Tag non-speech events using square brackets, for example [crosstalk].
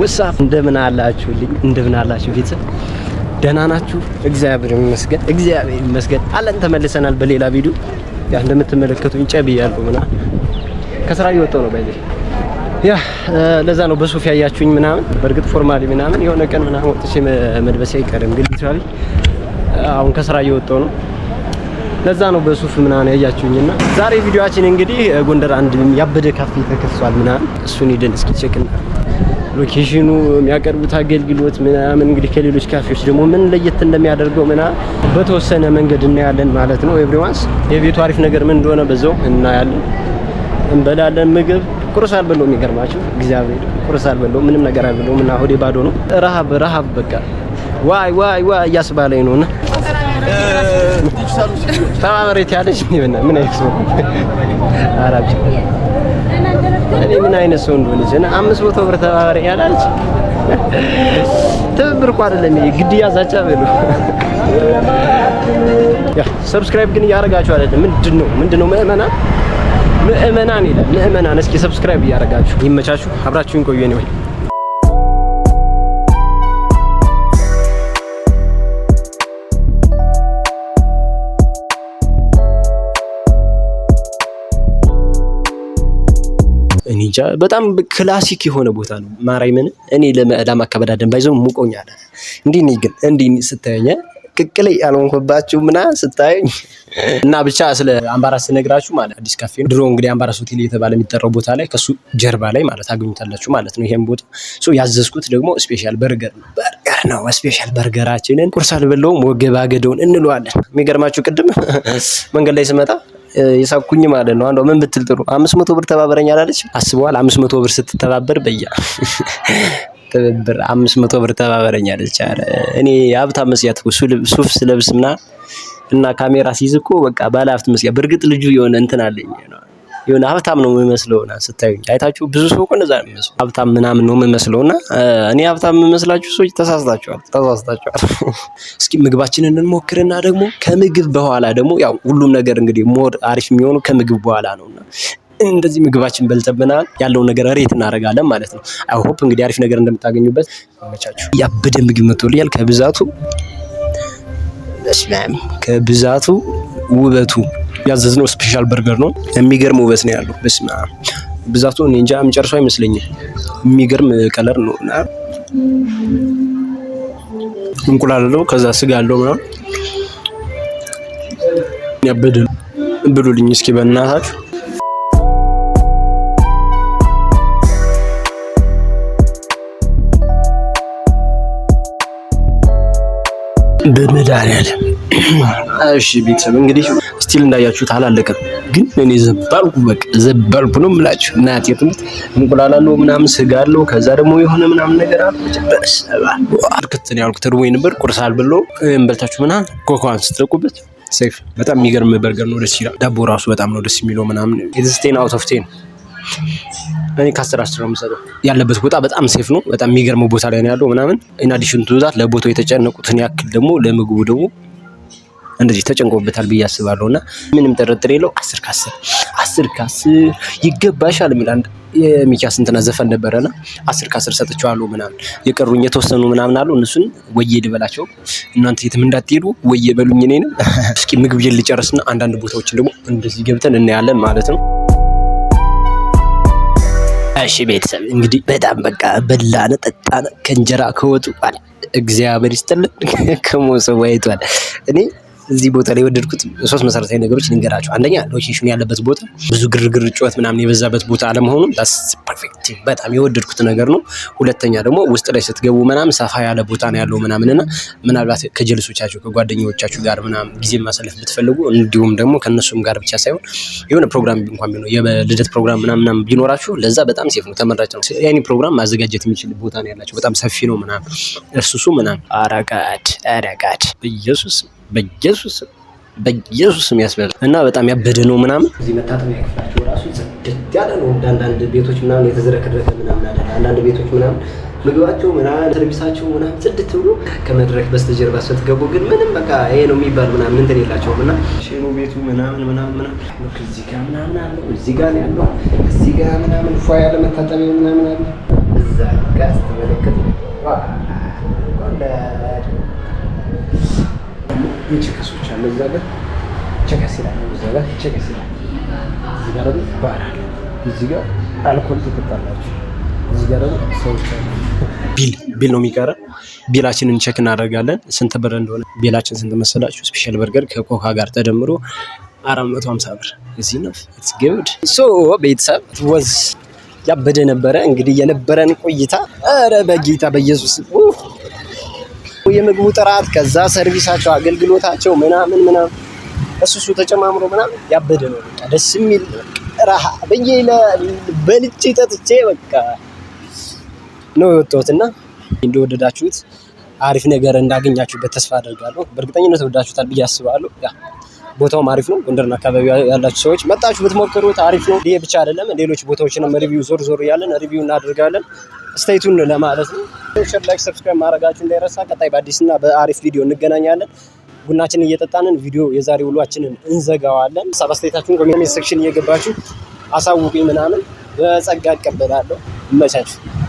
ውሳፍ እንደምን አላችሁልኝ? እንደምን አላችሁ ቤተሰብ? ደህና ናችሁ? እግዚአብሔር ይመስገን፣ እግዚአብሔር ይመስገን አለን። ተመልሰናል በሌላ ቪዲዮ። ያ እንደምትመለከቱኝ ጨብ ያልኩ ምና ከስራ እየወጣሁ ነው ባይዘ ያ ለዛ ነው በሱፍ ያያችሁኝ ምናምን። በእርግጥ ፎርማሊ ምናምን የሆነ ቀን ምናምን ወጥቼ መልበሴ አይቀርም፣ ግን ሊትራሊ አሁን ከስራ እየወጣሁ ነው። ለዛ ነው በሱፍ ምናምን ያያችሁኝና ዛሬ ቪዲዮአችን እንግዲህ ጎንደር አንድ ያበደ ካፌ ተከፍቷል ምናምን፣ እሱን ሄደን እስኪ ቼክ ሎኬሽኑ፣ የሚያቀርቡት አገልግሎት ምናምን እንግዲህ ከሌሎች ካፌዎች ደግሞ ምን ለየት እንደሚያደርገው ምና በተወሰነ መንገድ እናያለን ማለት ነው። ኤቭሪዋንስ የቤቱ አሪፍ ነገር ምን እንደሆነ በዛው እናያለን። እንበላለን ምግብ ቁርስ አልበለው የሚገርማቸው እግዚአብሔር ቁርስ አልበለው ምንም ነገር አልበለው እና ሆዴ ባዶ ነው። ረሃብ ረሃብ በቃ ዋይ ዋይ ዋይ እያስባለኝ ነው እና ያለች ምን አይነት ሰው አራብ እኔ ምን አይነት ሰው እንደሆነ እና አምስት መቶ ብር ተባበረ ያላልች ትብብር እኮ አይደለም ይሄ ግድያ፣ ዛቻ በሉ። ያ ሰብስክራይብ ግን እያደረጋችሁ አይደለም። ምንድን ነው ምንድን ነው ምዕመናን ምዕመናን ይላል ምዕመናን። እስኪ ሰብስክራይብ እያደረጋችሁ ይመቻችሁ። አብራችሁን ቆዩ። እኔ ወይ እንጃ በጣም ክላሲክ የሆነ ቦታ ነው። ማርያምን እኔ ለማከበዳደን ባይዘው ሙቆኛል። እንዲህ እኔ ግን እንዲህ ስታየኝ ቅቅል ያልሆንኩባችሁ ምና ስታየኝ እና ብቻ ስለ አምባራስ ስነግራችሁ ማለት አዲስ ካፌ ነው። ድሮ እንግዲህ አምባራስ ሆቴል የተባለ የሚጠራው ቦታ ላይ ከሱ ጀርባ ላይ ማለት አግኝታላችሁ ማለት ነው። ይሄን ቦታ ያዘዝኩት ደግሞ ስፔሻል በርገር ነው ነው ስፔሻል በርገራችንን ቁርስ አልበለውም ወገባገደውን እንለዋለን። የሚገርማችሁ ቅድም መንገድ ላይ ስመጣ የሳኩኝ ማለት ነው። አንዷ ምን ብትል ጥሩ አምስት መቶ ብር ተባበረኝ አላለች። አስበዋል። አምስት መቶ ብር ስትተባበር በያ [laughs] ትብብር አምስት መቶ ብር ተባበረኝ አለች። ኧረ እኔ ሀብታም መስያት ሱፍ ስለብስና እና ካሜራ ሲይዝ እኮ በቃ ባለ ሀብት መስያት። በእርግጥ ልጁ የሆነ እንትን አለኝ ነው የሆነ ሀብታም ነው የምመስለውና ስታዩኝ አይታችሁ ብዙ ሰው እኮ እንደዛ ነው የሚመስለው ሀብታም ምናምን ነው የምመስለውና እኔ ሀብታም የምመስላችሁ ሰዎች ተሳስታችኋል፣ ተሳስታችኋል። [laughs] እስኪ ምግባችንን እንሞክርና ደግሞ ከምግብ በኋላ ደግሞ ያው ሁሉም ነገር እንግዲህ ሞር አሪፍ የሚሆኑ ከምግብ በኋላ ነውና እንደዚህ ምግባችን በልተብናል ያለውን ነገር ሬት እናደርጋለን ማለት ነው። አይ ሆፕ እንግዲህ አሪፍ ነገር እንደምታገኙበት መቻችሁ። ያበደ ምግብ መጥቶልኛል። ከብዛቱ ከብዛቱ ውበቱ ያዘዝነው ስፔሻል በርገር ነው። የሚገርም ውበት ነው ያለው። በስመ አብ ብዛቱ እኔ እንጃ የምጨርሰው አይመስለኝም። የሚገርም ቀለር ነው እና እንቁላል አለው፣ ከዛ ስጋ አለው ምናምን ያበደ ብሉልኝ እስኪ በእናታችሁ በመድኃኒዓለም እሺ ቤተሰብ እንግዲህ ስቲል እንዳያችሁት አላለቀም፣ ግን እኔ ዘባልኩ በቃ ዘባልኩ ነው የምላችሁ። እናቴ ትምህርት እንቁላል አለው ምናምን ስጋ አለው ከዛ ደግሞ የሆነ ምናምን ነገር አለ። በሰባልክት ነው ያልኩት። እርቦኝ ነበር ቁርስ አልበላሁም። እንበልታችሁ ምናምን ኮኮዋን ስትለቁበት ሴፍ በጣም የሚገርም በርገር ነው። ደስ ይላል። ዳቦ ራሱ በጣም ነው ደስ የሚለው ምናምን ኢትስ ቴን አውት ኦፍ ቴን እኔ ከአስር አስር ነው የምሰጠው። ያለበት ቦታ በጣም ሴፍ ነው። በጣም የሚገርመው ቦታ ላይ ነው ያለው ምናምን እና አዲሽን ትዛት ለቦታው የተጨነቁትን ያክል ደግሞ ለምግቡ ደግሞ እንደዚህ ተጨንቆበታል ብዬ አስባለሁ። እና ምንም ጥርጥር የለው አስር ከአስር አስር ከአስር ይገባሻል የሚል አንድ የሚኪያስ እንትና ዘፈን ነበረና አስር ከአስር ሰጥቼዋለሁ ምናምን። የቀሩኝ የተወሰኑ ምናምን አሉ። እነሱን ወየ ልበላቸው እናንተ የትም እንዳትሄዱ ወየ በሉኝ እኔንም። እስኪ ምግብ ልጨርስና አንዳንድ ቦታዎችን ደግሞ እንደዚህ ገብተን እናያለን ማለት ነው። እሺ ቤተሰብ እንግዲህ በጣም በቃ በላነ ጠጣነ፣ ከእንጀራ ከወጡ አለ እግዚአብሔር ይስጥልን [laughs] ከሞሰቡ ዋይቷል እኔ እዚህ ቦታ ላይ የወደድኩት ሶስት መሰረታዊ ነገሮች ልንገራቸው። አንደኛ ሎኬሽኑ ያለበት ቦታ ብዙ ግርግር፣ ጩኸት ምናምን የበዛበት ቦታ አለመሆኑ ፐርፌክት በጣም የወደድኩት ነገር ነው። ሁለተኛ ደግሞ ውስጥ ላይ ስትገቡ ምናምን ሰፋ ያለ ቦታ ነው ያለው ምናምን እና ምናልባት ከጀልሶቻችሁ ከጓደኞቻችሁ ጋር ምናምን ጊዜ ማሳለፍ ብትፈልጉ እንዲሁም ደግሞ ከእነሱም ጋር ብቻ ሳይሆን የሆነ ፕሮግራም እንኳን ቢኖር የልደት ፕሮግራም ምናምን ቢኖራችሁ ለዛ በጣም ሴፍ ነው፣ ተመራጭ ነው። ያኒ ፕሮግራም ማዘጋጀት የሚችል ቦታ ነው ያላቸው። በጣም ሰፊ ነው ምናምን እርሱሱ ምናምን አረጋድ አረጋድ ኢየሱስ በኢየሱስ በኢየሱስ ያስበላል እና በጣም ያበደ ነው ምናምን። እዚህ መታጠቢያ ክፍላቸው ራሱ ጽድት ያለ ነው። አንዳንድ ቤቶች ምናምን የተዝረከረከ ምናምን አለ። አንዳንድ ቤቶች ምናምን ምግባቸው ምናምን ሰርቪሳቸው ምናምን ጽድት ብሎ ከመድረክ በስተጀርባ ስትገቡ ግን ምንም በቃ ይሄ ነው የሚባል ምናምን እንትን የላቸውም። እና ሽኑ ቤቱ ምናምን ምናምን ምናምን እዚህ ጋር ምናምን አለው እዚህ ጋር ያለው እዚህ ጋር ምናምን ፏ ያለ መታጠቢያ ምናምን አለ። እዛ ጋር ስትመለከት ዋ የቸከሶች አለ እዛ ጋር ቸከስ ይላል። ነው እዛ ጋር ቸከስ ይላል። እዚህ ጋር ደግሞ ባህር አለ። እዚህ ጋር አልኮል ትጠጣላችሁ። እዚህ ጋር ደግሞ ሰዎች አሉ። ቢል ቢል ነው የሚቀረ። ቢላችንን ቸክ እናደርጋለን ስንት ብር እንደሆነ። ቢላችን ስንት መሰላችሁ? ስፔሻል በርገር ከኮካ ጋር ተደምሮ አራት መቶ ሀምሳ ብር እዚህ ነው። ኢትስ ጉድ ሶ ቤተሰብ ወዝ ያበደ ነበረ እንግዲህ የነበረን ቆይታ። ኧረ በጌታ በኢየሱስ የምግቡ ጥራት ከዛ ሰርቪሳቸው አገልግሎታቸው ምናምን ምናምን እሱ እሱ ተጨማምሮ ምናምን ያበደ ነው። በቃ ደስ የሚል ረሃ ብዬ በልቼ ጠጥቼ በቃ ነው የወጣሁት እና እንደወደዳችሁት አሪፍ ነገር እንዳገኛችሁበት ተስፋ አደርጋለሁ። በእርግጠኝነት ወዳችሁታል ብዬ አስባለሁ። ቦታውም አሪፍ ነው። ጎንደርና አካባቢ ያላችሁ ሰዎች መጣችሁ ብትሞክሩት አሪፍ ነው። ይሄ ብቻ አይደለም፣ ሌሎች ቦታዎችንም ሪቪው ዞር ዞር እያለን ሪቪው እናደርጋለን። ስቴቱን ለማለት ነው። ሼር፣ ላይክ፣ ሰብስክራይብ ማድረጋችሁ እንዳይረሳ። ቀጣይ በአዲስና በአሪፍ ቪዲዮ እንገናኛለን። ቡናችንን እየጠጣንን ቪዲዮ የዛሬ ውሏችንን እንዘጋዋለን። ሀሳብ አስተያየታችሁን ኮሜንት ሴክሽን እየገባችሁ አሳውቁኝ ምናምን በጸጋ እቀበላለሁ። ይመቻችሁ።